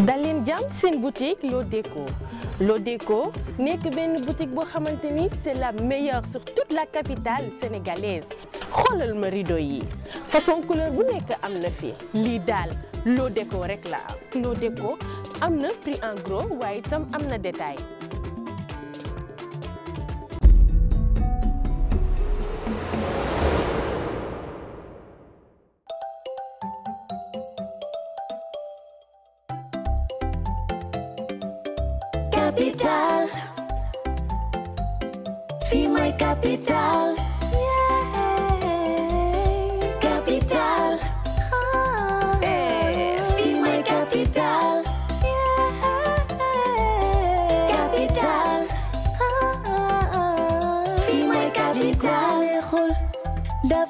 dal leen jàmm seen boutique Lo Déco Lo Déco nekk benn boutique boo xamante ni c'est la meilleure sur toute la capitale sénégalaise xoolal ma rideau yi façon couleur bu nekk am na fi lii daal Lo Déco rek la am Lo Déco am na prix en gros waaye itam am na détail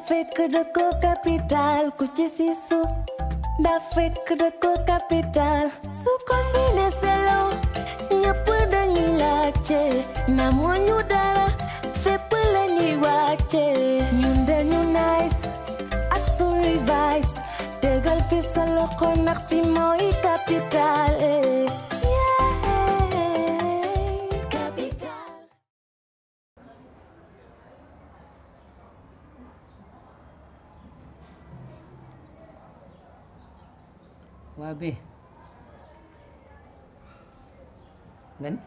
fekk dëkko capital ku ci siisu da fekk dëkko capital su kombine selo ñëpp dañuy laajte namuñu dara fépp lañuy wàcce ñun dañu nice ak suñuy vibes tegal fi sa loxo ndax fi mooy capital eh. abe nga ni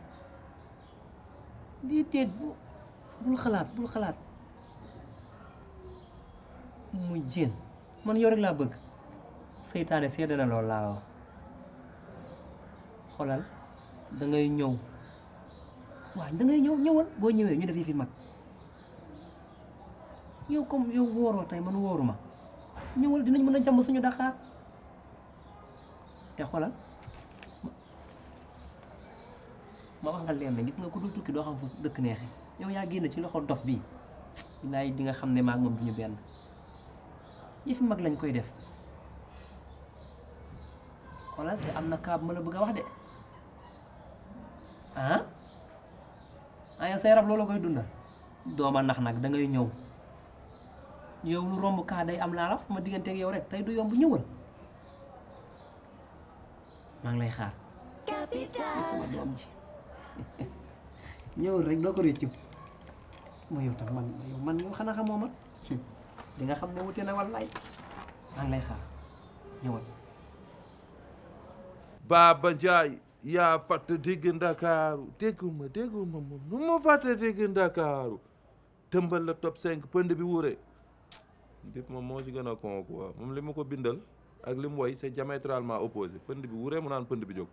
déedéet bu bul xalaat bul xalaat mu jén man yow laa bëgg seytaane seede na loolu laa wax xoolal da ñëw waaw da ñëw ñëwal boo ñëwee ñu def yi fi mag yow comme yow wooroo tey man wóoruma ñëwal dinañ mën a jàmm suñu daqaar te xoolal ma wax nga leen ne gis nga ku dul tukki doo xam fu dëkk neexee yow yaa génn ci loxo dof bii laay di nga xam ne maag moom du ñu benn yëfi mag lañ koy def xoolal te am na kaab mën a bëgg a wax de ah ah yow say rab loolu koy dundal dooma nax nag da ngay ñëw yow lu romb kaa day am laa raf sama digganteeg yow rek tey du yomb ñëwal. maa ngi lay xaar. sama doom ji rek doo ko réccu ma yow tam man yow man moom xanaa xamoo ma di nga xam ne wute na wallaay maa ngi lay xaar ñëwal. Baba Ndiaye yaa fàtt dégg Ndakaaru dégguma dégguma moom nu ma fàtt dégg Ndakaaru tëmbal la top 5 pënd bi wuure. ndip moom moo ci gën a kon moom li ma ko bindal. ak li mu woy c'est diamétralement opposé pënd bi wuree mu naan pënd bi jóg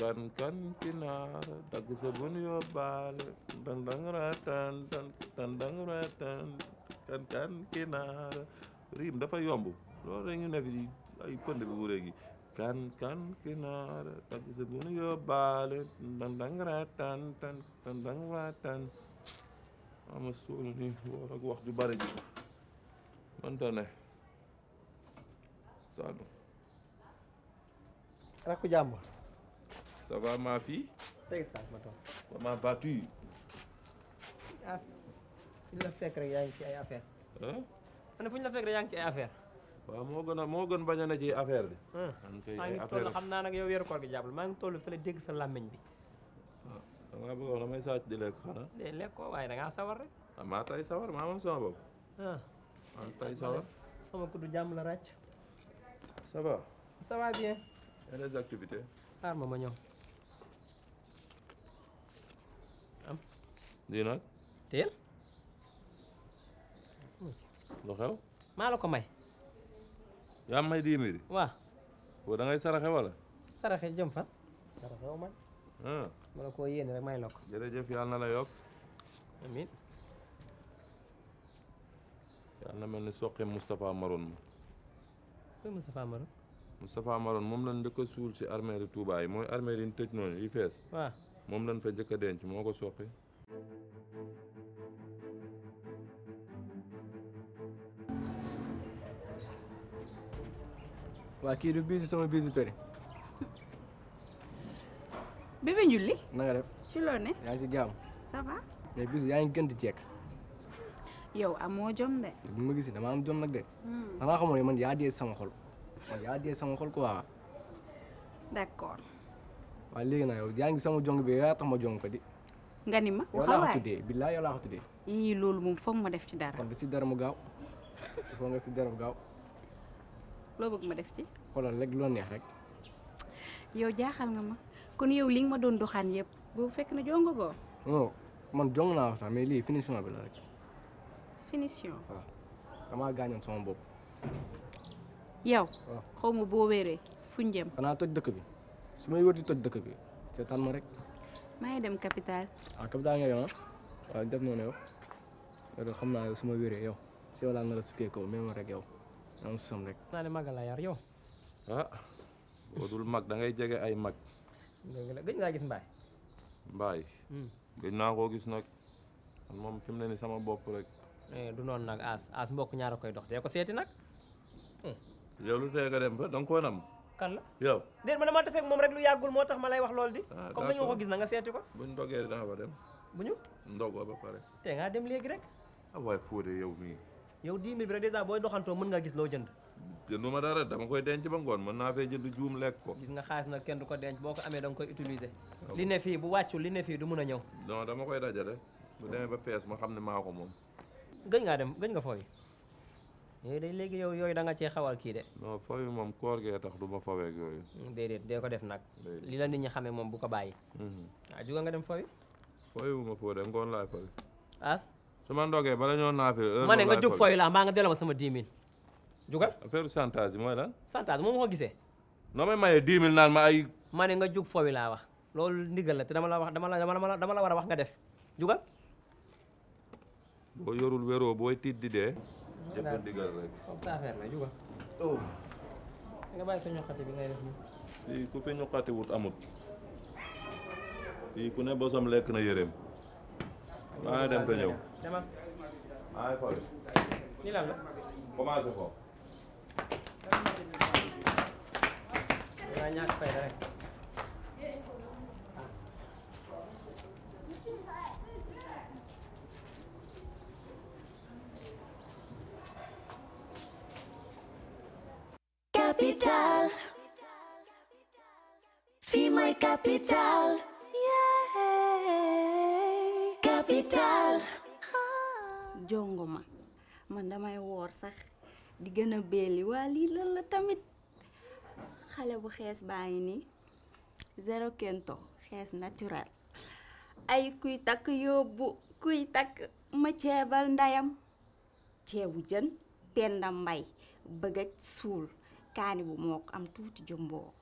kan kan kinaara dagg sa bun yóbbaale dandangara tan tan dandangara tan kan kan kinaara riim dafa yomb loolu rek ñu ne fi ay pënd bi wuree gi kan kan kinaara dagg sa bun yóbbaale dandangara tan tan dandangara tan ama suul ni woor ak wax ju bari ji mënta ne Saalum. rakku jàmm. ça va ma ma toog. comment vas-tu. ah fu ñu la yaa ngi ci ay affaire. ah. ma ne fu ñu la yaa ngi ci ay affaire. waaw moo gën a moo a na maa ngi toll xam naa nag maa ngi toll fële dégg sa làmmiñ bi. ah damaa bëgg a wax di lekk xanaa. de lekk waaye da sawar ah, maa tay sawar ah. maa tay sawar. sama kuddu jàmm la ràcc. ça va. ça va bien. et les activités. xaar ma ma am. teel. lu maa la may. yaa may dix mille. waaw. boo da saraxe wala. saraxe jëm fa. saraxe wu man. Ah. ma la koo yéene rek may la ko. jërëjëf yàlla la yokk. amiin. yàlla na mel ni soqe Moustapha Maroon koy Moustapha Maroon. Moustapha moom lañ njëkk a suul si arméeru tuubaay mooy arméer yi ñu tëj noonu yi fees. moom lañ fa njëkk a denc moo ko soqi. waa kii du biisu sama biisu tëri. bébé Njulli. na def ci loo ne. yaa ngi si jàmm. ça va. mais biisu yaa gën di jekk. yow amoo moo de. bu ma gis dama am jom nag de. xanaa hmm. xamoon ne man yaa dee sama xol man yaa dee sama xol quoi. d'accord. waaw léegi nag yow yaa ngi sama jong bi yaa tax ma jong ko di. nga ni ma waxawaay yow laa ko tuddee loolu moom foog ma def ci dara. kon si dara mu gaaw foog nga si dara mu gaaw. loo ma def ci. xoolal rek loo neex rek. yow jaaxal nga ma kon yow li nga ma doon doxaan yëpp bu fekk na jongo goo. non man jong naa ko sax mais lii finition bi la rek. finition waaw ah, damaa gaañoon sama bopp. yow. waaw ah. xaw ma boo wéree fuñ jëm. xanaa toj dëkk bi su may wër di toj dëkk bi seetaan ma rek. maa ngi dem capital. ah capital nga dem ah waaw def noonu yow yow xam naa yow su ma wéree yow si yow laa nar a sukkee kaw même rek yow am som rek. naa ne mag la yar yow. ah boo dul mag da ngay jege ay mag. dëgg la gëj naa gis mbaay. mbaay. Hmm. gëj naa koo gis nag man moom fi mu ne nii sama bopp rek. Eh, du noon nag as as mbokk ñaar koy dox dee ko seeti nag. Hmm. yow lu tee nga dem fa da nga koo nam. kan la yow. déet ma dama taseeg moom rek lu yàggul moo tax ma lay wax loolu di. Ah, comme nañu ko gis na nga seeti ko. buñ ndogee dinaa fa bu ñu. ndogoo ba pare. te ngaa dem léegi rek. ah waay yow mii. yow 10 000 bi rek doxantoo mën nga gis loo jënd. jëndu ma dara dama koy denc ba ngoon mën naa fee jënd ko. gis nga xaalis nag kenn du ko denc boo ko amee da nga koy utiliser. Ah, li ne fii bu wàccul li ne fii du mun a ñëw. non dama koy dajale. bu demee ba fees ma xam ne maa ko moom gëj ngaa dem gëj nga fooy yooyu day léegi yooyu da nga cee xawal kii de non fooy moom koor gee tax du ma faweeg yooyu mm, déedéet dee ko def nag li la nit ñi xamee moom bu ko bàyyi waaw mm-hmm. ah, juga nga dem fooy fooy wu a foo de ngoon laay fooy as su ma ndogee bala ñoo naafi ma ne nga jóg fooy laa mbaa nga delloo sama 10 000 jugal affaire mooy lan chantage moom ma ko gisee noo may mayee 10 000 naan ma ma ne nga jóg laa wax loolu ndigal la te dama la wax dama la dama la war a wax nga def jugal boo yorul wéroo booy tiit di dee. jëpp ndigal rek. comme ça oh. bàyyi sa ñoqati bi ngay def nii. fii ku fi ñoqati amut. fii ku ne bosam lekk na yëreem. maa dem te ñëw. dama. maa ngi xool. nii la. rek. capital mooy e capital yeah jongoma man damay woor sax di gën a beeli waa lii lan la tamit xale bu xees baa ngi nii zéro kento xees naturel ay kuy takk yóbbu kuy takk ma ceebal ndeyam ceebu jën penda mbay bëgg a suul kaani bu moo ko am tuuti jumbo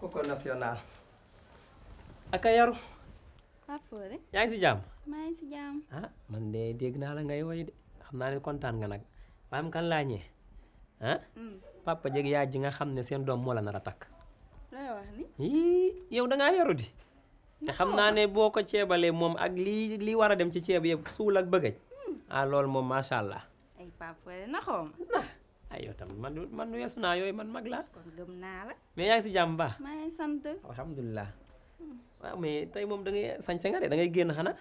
koko eh, national aka yaru Fapore si jàmm maa ah, man de dégg naa la ngay woy de xam naa ni kontaan nga nag maam kan laa ñee ah hmm. papa jeg yaay ji nga xam ne seen doom moo la nar a takk yow dangaa yaru di te xam naa ne boo ko ceebalee moom ak lii lii war a dem ci ceeb yëpp suul ak bëggaj hmm. ah loolu moom macha allah ay yow tam man man weesu naa yooyu man mag laa. kon gëm naa la. mais yaa ngi maa sant. alhamdulilah. waaw mais tey moom da ngay sañse nga de da ngay génn xanaa.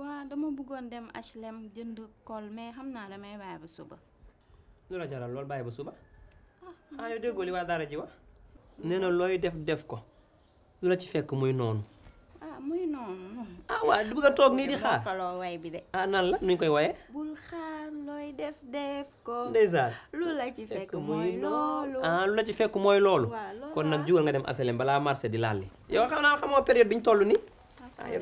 waa dama bëggoon dem HLM jënd kol mais xam naa damay bàyyi ba suba. lu la jaral lool bàyyi ba suba. ah, ah yow déggoo li waa daara ji wax. nee na looy def def ko. lu la ci fekk muy noonu. ah muy noonu. ah waa du bëgg toog nii di xaar ah, nan la nuñ koy waye bul xaar looy def def ko. Ah, lu la ci fekk mooy loolu. ah lu la kon nag jugal nga dem asalem balaa marché di laal li yow xam naa xamoo période bi ñu toll nii. ah yow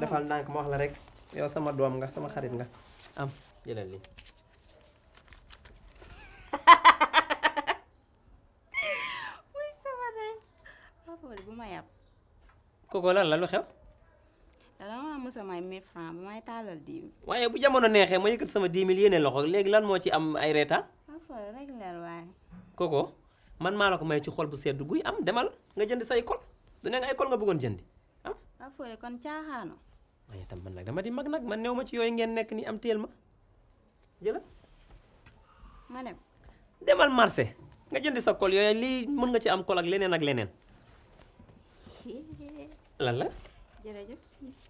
defal ndànk ma wax la rek yow sama doom nga sama xarit nga am jëlal li kooku lan la lu xew. dama mës a may 1000 francs ba may taalal 10 waaye bu jamono neexee ma yëkkat sama 10 000 yeneen loxo léegi lan moo ci am ay reetaan. rek man maa la ko may ci xol bu sedd guy am demal nga jënd say kol du ne nga ay kol nga bëggoon jëndi ah, mag nag man néew ma ci yooyu ngeen nekk nii am teel ma jëlal. ma demal marse nga jëndi sa kol yooyu lii mën nga ci am kol ak leneen ak leneen. lan la. jërëjëf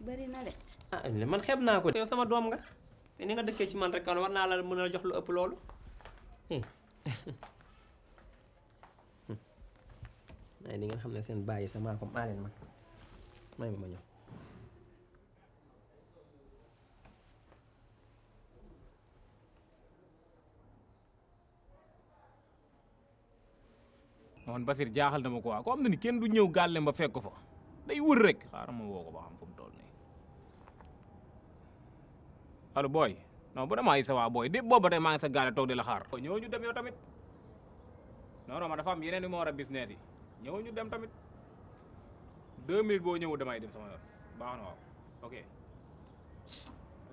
bëri na de. ah eh, man xeeb naa ko de. yow sama doom nga te eh, ni nga dëkkee ci man rek kon war naa la mën a jox lu ëpp loolu. waaye eh. di ngeen xam ne seen bàyyi sama ko may ma ma ñëw. man Basir jaaxal na ma quoi ko am na ni kenn du ñëw gàlle ba fekk ko fa. day wër rek xaaral ma woo ko ba xam fu mu toll nii allo booy non bu dem ay waa booy dépp booba tey maa ngi sa gaale toog di la xaar ñëw ñu dem yow tamit non non ma dafa yeneen yu ma war a business yi ñëw ñu dem tamit deux minutes boo ñëwu damay dem sama yoon baax na waaw ok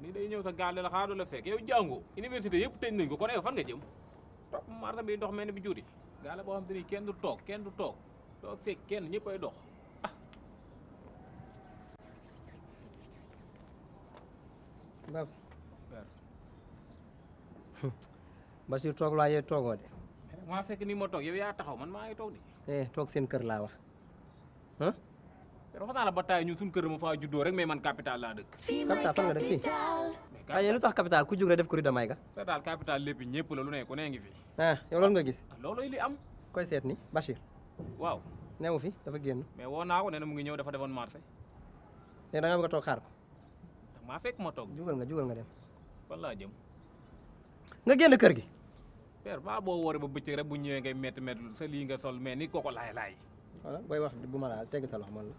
nii day ñëw sa gaal la xaar la fekk yow jàngu université yëpp tëj nañ ko kon yow fan nga jëm topp marsa bi dox mel ni bi juuti gaal boo xam kenn du toog kenn du toog doo fekk kenn ñëpp ay dox Babs Bachir toog laa yee toogoo de. maa ni ma toog yow taxaw man maa ngi toog de. eh toog seen kër laa wax ah. wax naa la ba taay ñu suñu kër ma faa juddoo rek mais man capital laa dëkk. capital fan ah, tax capital ku jug rek def ko Rida Mayga. te capital lépp ñëpp la lu ne ku ne ngi fi. ah yow lool nga gis. Ah, loolooy li am. koy seet ni Bachir. waaw. newu fi dafa génn. mais woo naa ko nee na mu ngi ñëw dafa defoon marché. léegi eh, da nga bëgg a toog xaar ko. maa fekk ma toog. jugal nga jugal nga dem. fan laa jëm. nga génn kër gi. père ba boo wooree ba bëccëg rek bu ñëwee ngay met métti sa lii nga sol mais ni koko laay laay. voilà booy wax bu ma laal sa loxo man la.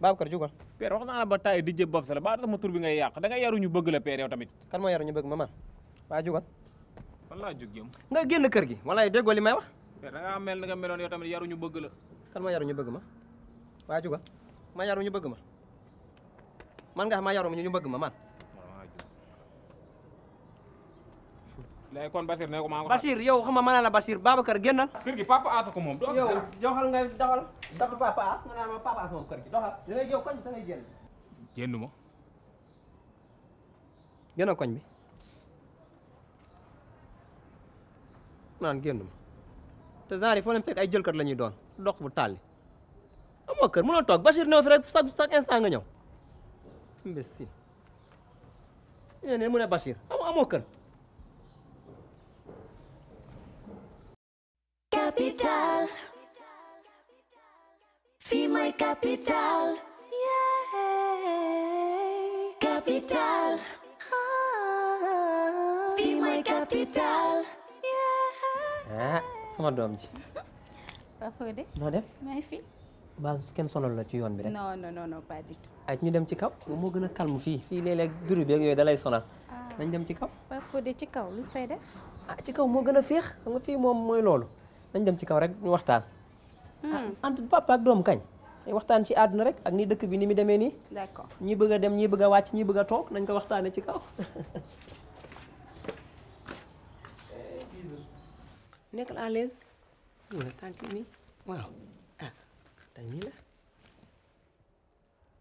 Babacar jugal. père wax naa ba taay di jëb bopp sa la ba sama tur bi yàq da yaru ñu bëgg la père tamit. kan moo yaru ñu bëgg ma man waa jugal. fan laa jug jëm. nga génn kër gi walaay déggoo li may wax. père da nga meloon yow tamit yaru ñu bëgg la. kan moo yaru ñu bëgg ma waa jugal ma yaru ñu bëgg ma man nga xam maa yaru ma ñu bëgg ma man. léegi kon Basir ne ko maa ko. Basir yow xam nga ma ne la Basir Babacar génnal. kër gi papa Asa ko moom. yow joxal ngay doxal dafa papa Asa nga naan ma papa moom kër gi doxal la ñuy doon dox bu tàlli amoo kër mënoo toog Basir néew fi rek chaque chaque ñëw. imbécile nee ne mu ne Bachir am amoo kër capital fii mooy capital capital ah. fii mooy capital ah sama doom ji. waa Fodé. noo def maa ngi fi. baa kenn sonal la ci yoon bi rek. non non non pas ñu dem ci kaw moo gën a calme fii fii léeg-léeg bureau yooyu dalay sonal. Ah. nañ dem ci kaw. waaw Fodé ci kaw lu fay def. ah ci kaw moo gën a feex xam nga fii moom mooy loolu nañ dem ci kaw rek ñu waxtaan. Hmm. Ah, entre papa ak doom kañ. waxtaan ci àdduna rek ak ni dëkk bi ni mu demee nii. d'accord ñi bëgg a dem ñi bëgg a wàcc ñi bëgg a toog nañ ko waxtaanee ci kaw. Eh, nekkal à l'aise. tey nii la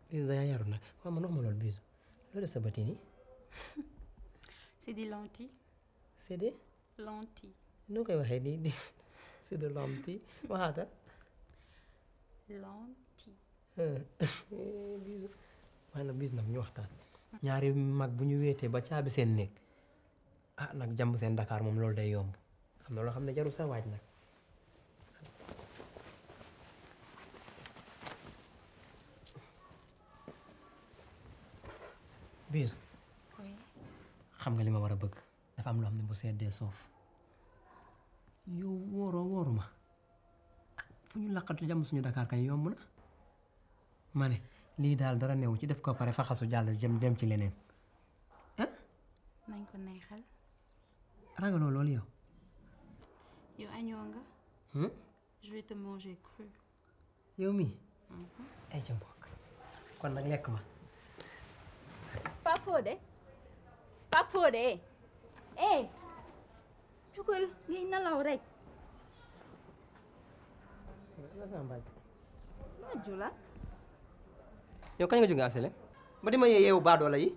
Bijou dañaa yaru nag waaw man wax ma loolu Bijou loolu sa bët yi nii. c'est des lentilles. c'est des. lentilles. noo koy waxee nii di c'est des lentilles waxaata. ma Bijou maanaam Bijou nag ñu waxtaan. ñaari mag bu ñu wéetee ba caabi seen néeg ah nag jàmm seen dakaar moom loolu day yomb am na loo xam ne jarul sa waaj nag. biir xam nga li ma war a bëgg dafa am loo xam ne bu seddee soof yow wóoroo wóoru ma fu ñu laqatu jàmm suñu Dakar kay yomb na ma lii daal dara newu ci def ko pare faxasu jàll jëm dem ci leneen ah nañ ko neexal ragaloo loolu yow yow añoo nga hmm? je vais mii mhm. ay ca nag lekk ma pas faux de pas faux de eh nalaw rek ma jula yow kañ nga jóge asile ma di ma yee yeewu baadoola yi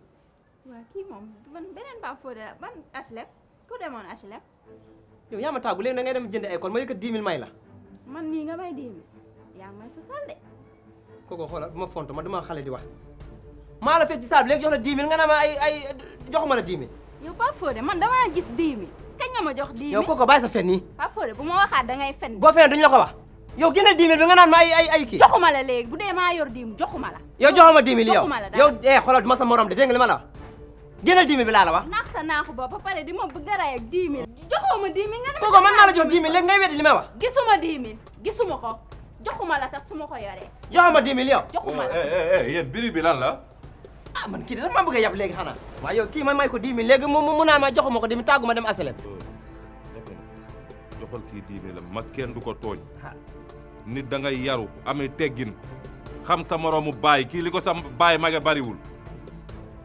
waa kii moom man beneen pas faux de la ban HLM ku demoon HLM yow yaa ma tàggu léegi da ngay dem jënd école ma yëkkat dix mille may la man mii nga may dix yaa may sosal de kooku xoolal bu ma fonto ma dama xale di wax maa la fekk ci saal bi léegi jox la 10 nga ne ma ay ay joxuma la 10 000. yow man dama gis 10 000 kañ nga ma jox 10 000 yow kooku bàyyi sa fen yi. Pape Fodé bu ma waxaat da ngay fen. boo feneen duñu la ko wax yow génne 10 000 bi nga naan ma ay ay ay kii. joxuma la bu dee maa yor 10 000 joxuma la. yow joxuma 10 000 yow joxuma la yow eh xoolal ma sa morom de dégg nga li ma la wax. génne 10 000 bi laa la wax. naax sa naaxu ba ba pare di ma bëgg a ray ak 10 000. joxuma 10 ma. kooku mën naa la jox 10 000 léegi ngay weddi li ma wax. gisuma gisuma ko joxuma la sax su ma ko yoree. joxuma 10 000 yow. joxuma la eh eh eh bi lan la ah man kii dafa ma bëgg a yab léegi xanaa waaye yow kii man may ko dix mille léegi mu mu naa ma joxuma ko mi tàgguma dem asalem oh, joxal kii dix la mag kenn du ko tooñ ah. nit da ngay yaru amee teggin xam sa mu baay kii li ko sa baay mage bariwul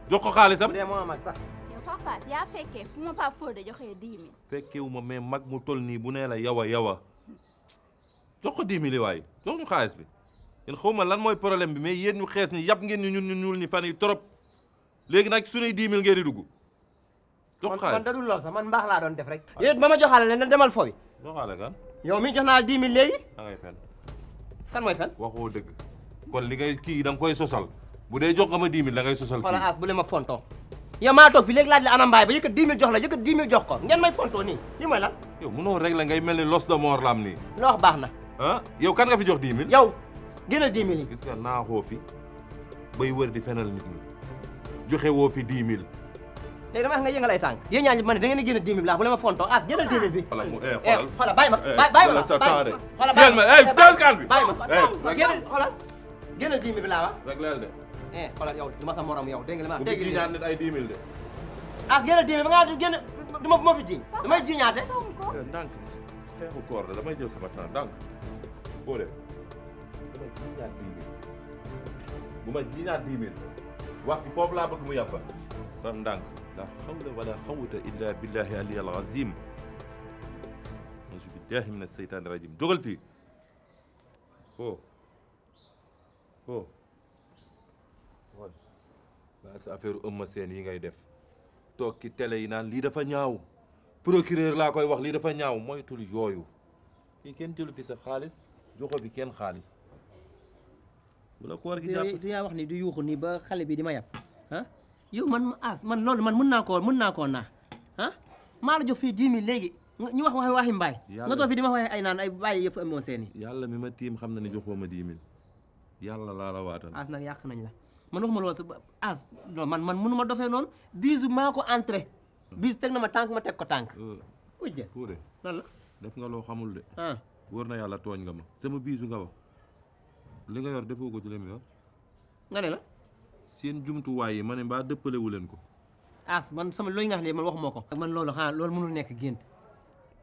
jox ko xaalisam bu dee moo mag sax papa yaa fekkee fu ma Pape Fodé joxee dix mille fekkewu ma mais mag mu tol nii bu nee la yawa yawa jox ko dix mille jox ñu xaalis bi yéen xaw ma lan mooy problème bi mais yéen ñu xees ni yàpp ngeen ñu ñun ñu ñuul ñi fan yi trop léegi nag suñuy dix mille ngeen di dugg. jox xaalis kon dadul lool a man mbaax laa doon def rek. yéen ba ma joxaale leen demal fooy. joxaale kan. yow mi jox naa dix mille léegi. da ngay fen. kan mooy fen. waxoo dëgg kon li ngay kii da nga koy sosal bu dee jox nga ma dix mille da ngay sosal. kii xoolal ma fontoo. yow maa toog fi léegi laaj la ana ba yëkkat 10 jox la yëkkat 10 000 jox ko ngeen may fontoo nii mooy lan. yow mënoo rek la ngay mel ni los de mor la am nii. na. ah yow kan nga fi jox 10 yow génnal dix mille yi. gis nga naaxoo fi bay wër di fenal nit ñi joxe woo fi dix mille. léegi dama wax nga yëngal ay tànk yéen ñaañu ma ne da ngeen di génne dix mille laa bu leen ma fontoo ah génnal dix bi. xoolal mu eh, eh xoolal xoolal bàyyi ma eh, bàyyi ma eh, bàyyi ma eh ma génnal xoolal génnal dix bi laa wax. rek leel de. eh xoolal yow du ma sa morom yow dégg nga li ma dégg nga ay dix mille de. ah génnal dix ma bu ma fi jiñ damay jiñaate. ndànk xeexu koor ma dinaat dix mille bu ma dinaat dix mille wax laa bëgg mu yàpp daf ndànk la hawla wala xawata illa billahi ali al azim auzubillahi min aseytaani rajim dogal fii foo foo wol waa sa affaire ëmma seen yi ngay def toog ci télé yi naan lii dafa ñaaw procureur laa koy wax lii dafa ñaaw moytul yooyu fii kenn jëlu fi sa xaalis joxo fi kenn xaalis bu la koor gi jàpp du yaa wax ni ba xale bi di ma yab man ma as man loolu man mun naa koo mun naa koo naa ah maa la jox fii dix mille léegi ñu wax waxi waxi mbaay nga toog fii di ma wax ay naan ay bàyyi yëpp amoon seen yàlla ma tiim xam na ne joxoo ma dix mille yàlla laa la waatal as yàq nañ la man waxuma loolu as non man man mënu ma dofee noonu bisu maa ko entré bisu teg na ma tànk ma teg ko tànk euh, ujje kuure def nga loo xamul de ah. wóor na yàlla tooñ nga ma sama bisu nga wax li nga yor defoo ko ci li mu yor. nga ne la. seen jumtuwaay yi ma ne mbaa dëppalewu leen ko. as man sama looy nga xam man waxuma ko. man lool xanaa loolu mënul nekk gént.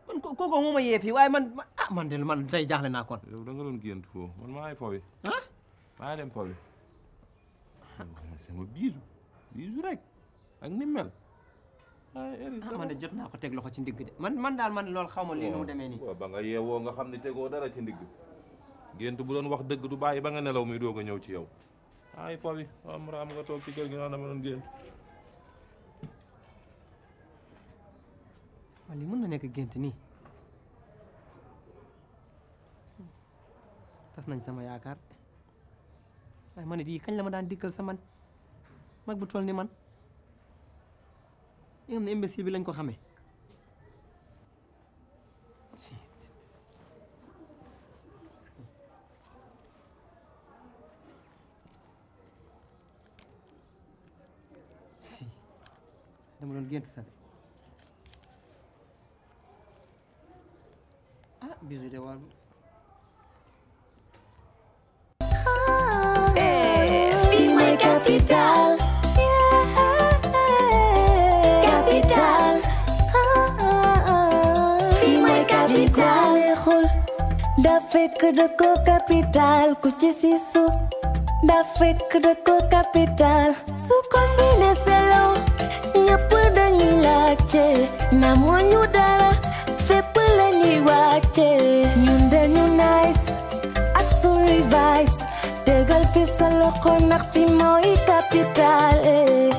man ko moo ma yee waaye man ah man de man tey jaaxle naa kon. yow da nga doon gént foo man maa ngi foofu. ah maa ngi dem foofu. sama biisu biisu rek ah man de jot naa ko teg loxo ci ndigg de man man daal man lool xaw ma lii nu mu nga xam ne tegoo dara ci gént bu doon wax dëgg du baay bàyyi ba nga nelaw mi doog a ñëw ci yow ay po bi am toog ci gi naan dama doon gént. waaw lii mën na nekk gént ni tas nañ sama yaakaar waaye ma ne di kañ la ma daan dikkal saman man mag ni man li nga xam ne imbécile bi lañ ko xame gént sax ah bisu de war Be my capital. Yeah. Capital. Be my capital. da fekk da ko capital ku ci siisu da fekk da ko capital su ko laajte na moo ñu dara fépp la ñuy wàcce ñun dañu nice ak suñuy vibes tegal fi sa loxo ndax fi mooy capital eh.